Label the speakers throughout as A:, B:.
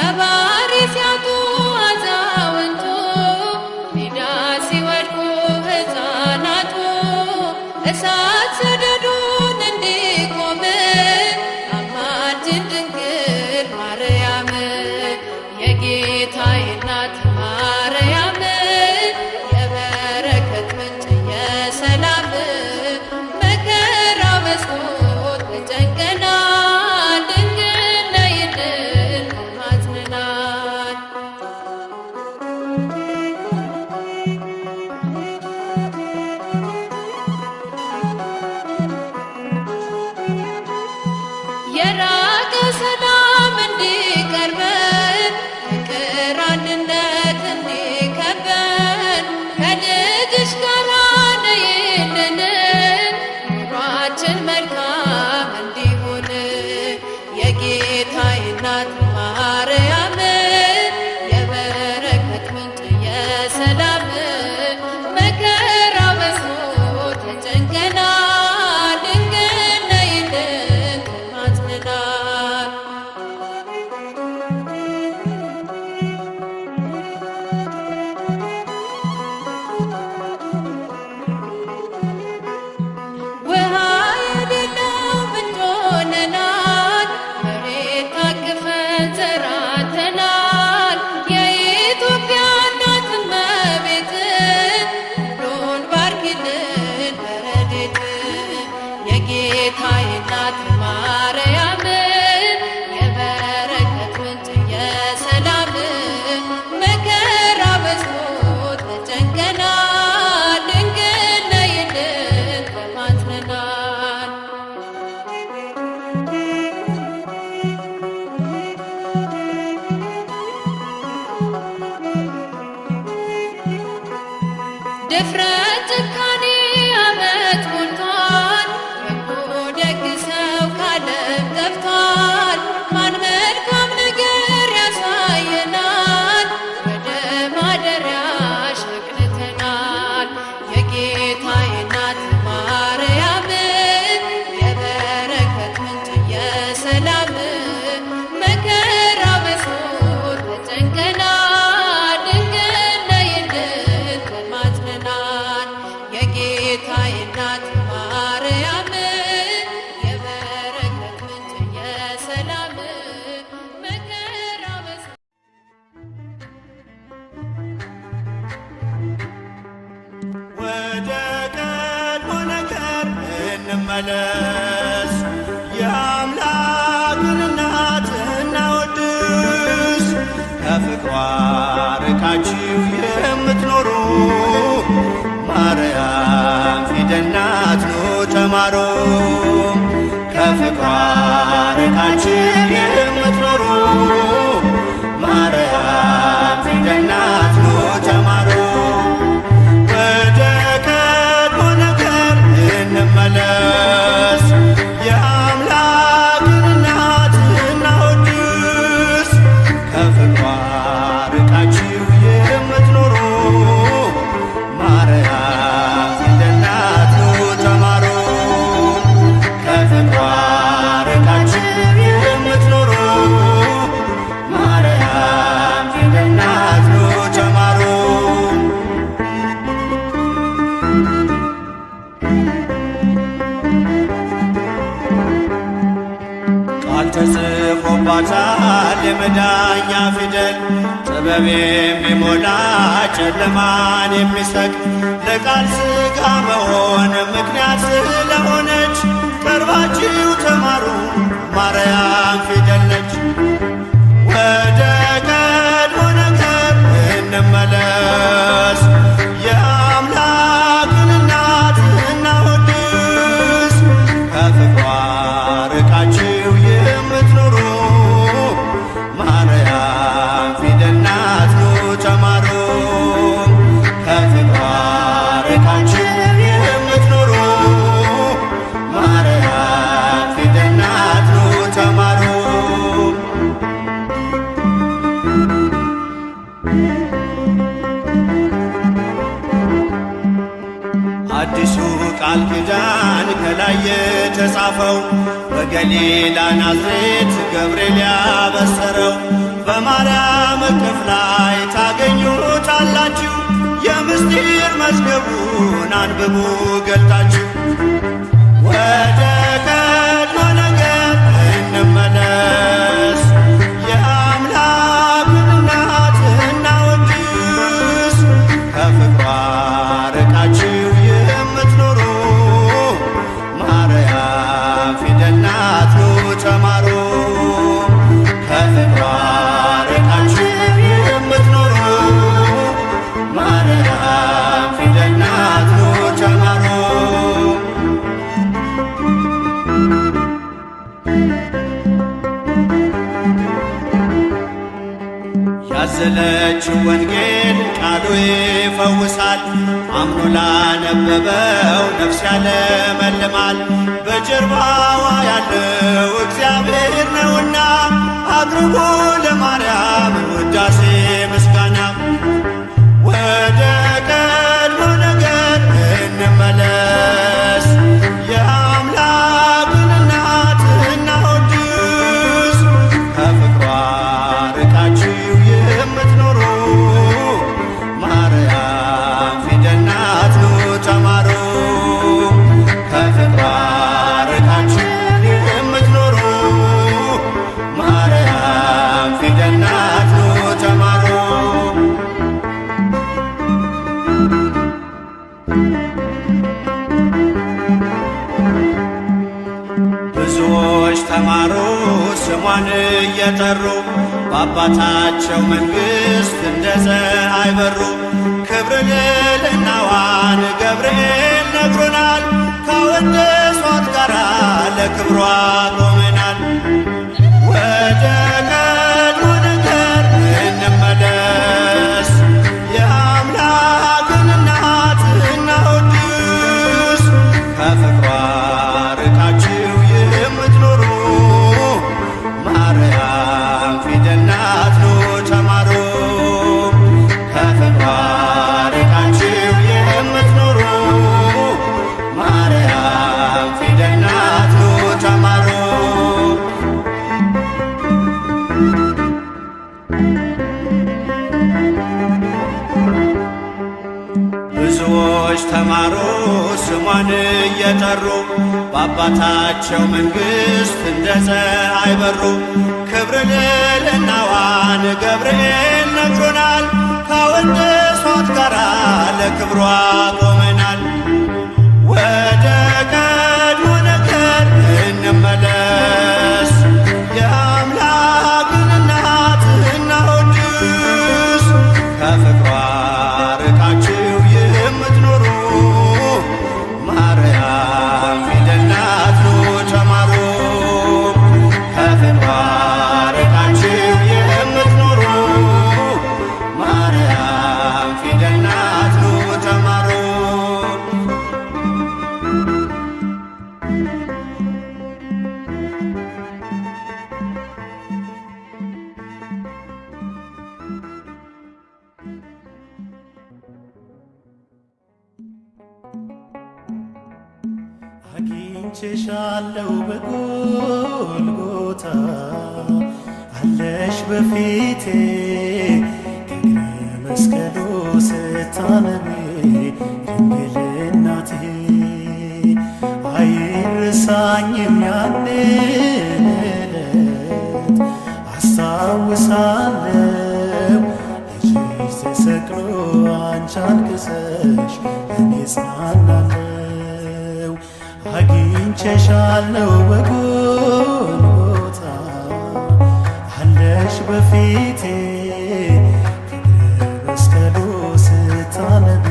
A: Bye-bye. refrão.
B: ዳኛ ፊደል ጥበብ የሚሞላ ጨለማን የሚሰቅ ለቃል ሥጋ መሆን ምክንያት ስለሆነች ቀርባችሁ ተማሩ ማርያም ፊደል ነች። የተጻፈው በገሊላ ናዝሬት ገብርኤል ያበሰረው በማርያም እቅፍ ላይ ታገኙታላችሁ። የምስጢር መዝገቡን አንብቡ ገልጣችሁ ወደ ብዙዎች ተማሩ ስሟን እየጠሩ በአባታቸው መንግሥት እንደ ፀሐይ አይበሩ። ክብር ልዕልናዋን ገብርኤል ነግሮናል፣ ከወንድ ሷት ጋራ ለክብሯ ቆመ የጠሩ በአባታቸው መንግሥት እንደ ፀሐይ በሩ። ክብር ልዕልናዋን ገብርኤል ነግሮናል፣ ከወንድ ሶት ጋራ ለክብሯ ቆመናል።
C: በፊቴ ድንግል መስቀሉ ስታመሜ ድንግል እናትህ አይረሳኝም። ያንን ዕለት አስታውሳለሁ። ልጅሽ ተሰቅሎ አንቺ አልቅሰሽ እኔ እጽናናለሁ። አግኝቼሻለሁ በጎ በፊቴ መስቀሉ ስታነቢ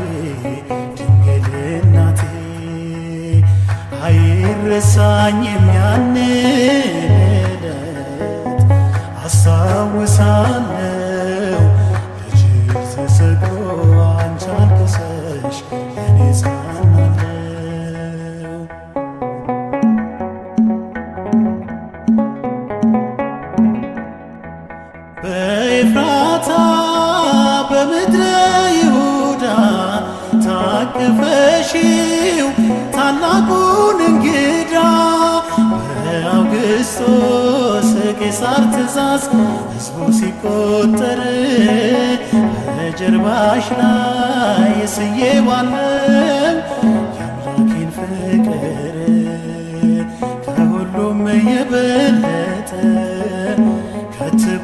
C: ድንግል እናቴ አይረሳኝም ያንን ዕለት አስታውሳለሁ የቄሳር ትእዛዝ ሕዝቡ ሲቆጠር በጀርባሽ ላይ ስዬ ዋለም የአምላኬን ፍቅር ከሁሉም የበለጠ ከትቦትልናዬ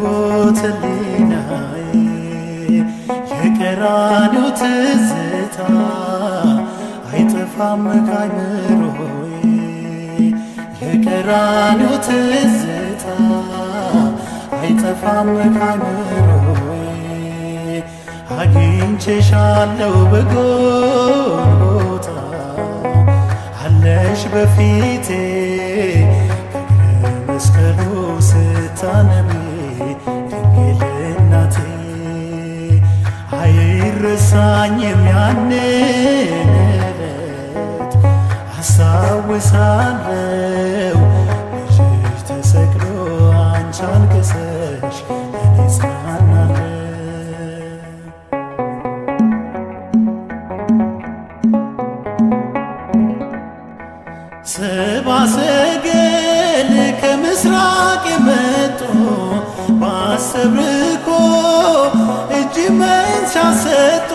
C: የቀራኔው ትዝታ አይጠፋም ካይምሮዬ የቀራኔው ትዝታ አልጠፋም ከአእምሮዬ አግኝቼሻለው በጎታ አለሽ በፊቴ ከእግረ መስቀሉ ስታነቢ ድንግል እናቴ አይረሳኝም ዕለት ሰገል ከምስራቅ የመጡ ባሰብርኮ እጅ መንሻ ሰጡ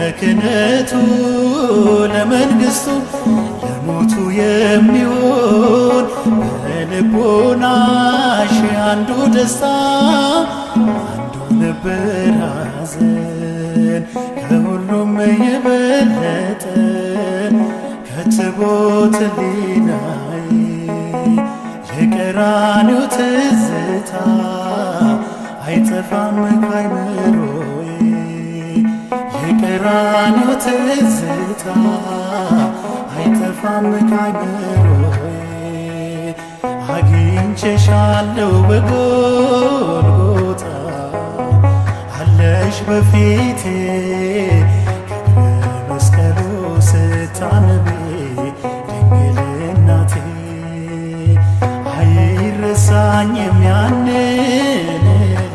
C: ለክነቱ ለመንግሥቱ ለሞቱ የሚሆን በልቦናሽ አንዱ ደስታ አንዱ ነበር ሐዘን ከሁሉም የበለጠ ትቦት ሊናይ የቀራኔው ትዝታ አይጠፋም ካይምሮዬ የቀራኔው ትዝታ አይጠፋም ካይምሮዬ አግኝቼሻለው በጎልጎታ አለሽ በፊቴ ረሳኝም ያንን ዕለት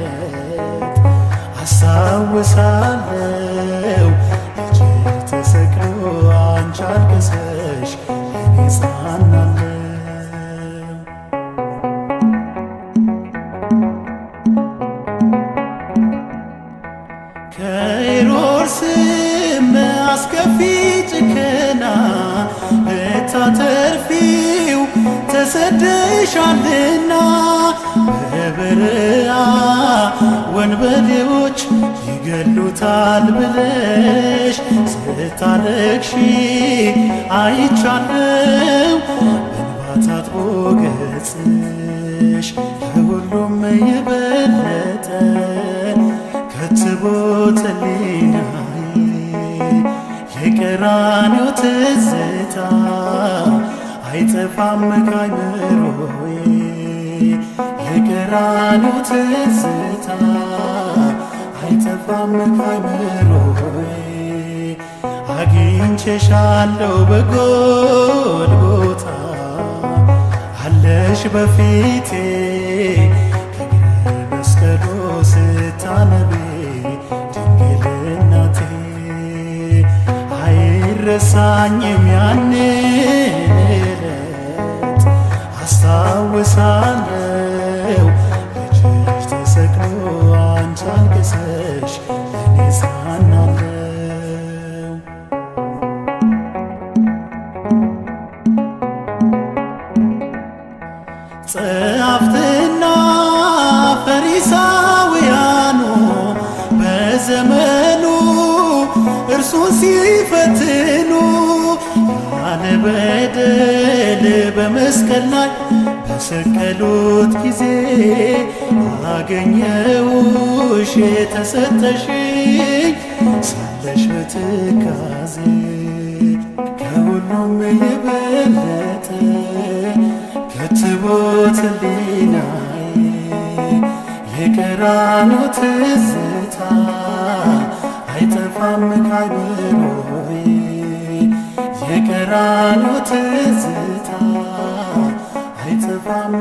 C: አስታውሳለሁ። ልጅ ተሰቅሎ አንቺ አልቅሰሽ ለኔ ጸናለሽ። ከሄሮድስም አስከፊ ጭከና ልታተርፊው ተሰደሻል ይፈታል ብለሽ ስታለቅሺ አይቻለው በንባታት ገጽሽ ከሁሉም የበለጠ ከትቦት ሊናይ ትዝታ አይጠፋም ካይምሮዬ ትዝታ አይጠፋም አይምሮዬ አግኝቼሻለሁ በጎልጎታ አለሽ በፊቴ ከግር መስቀሉ ድንግል እናቴ አይረሳኝም ዕለት አስታውሳለሁ ፈሪሳውያኑ በዘመኑ እርሱን ሲፈትኑ ያለ በደል በመስቀል ላይ በሰቀሉት ጊዜ አገኘውሽ የተሰጠሽኝ ሳለሽ በትካዜ ከሁሉም የበለጠ ከትቦት ሊና የቀራኑ ትዝታ አይጠፋም ከአይምሮዬ የቀራኑ ትዝታ አይጠፋም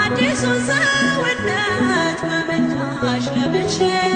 D: አዲሱን ሰውነት በመላሽ ለብሼ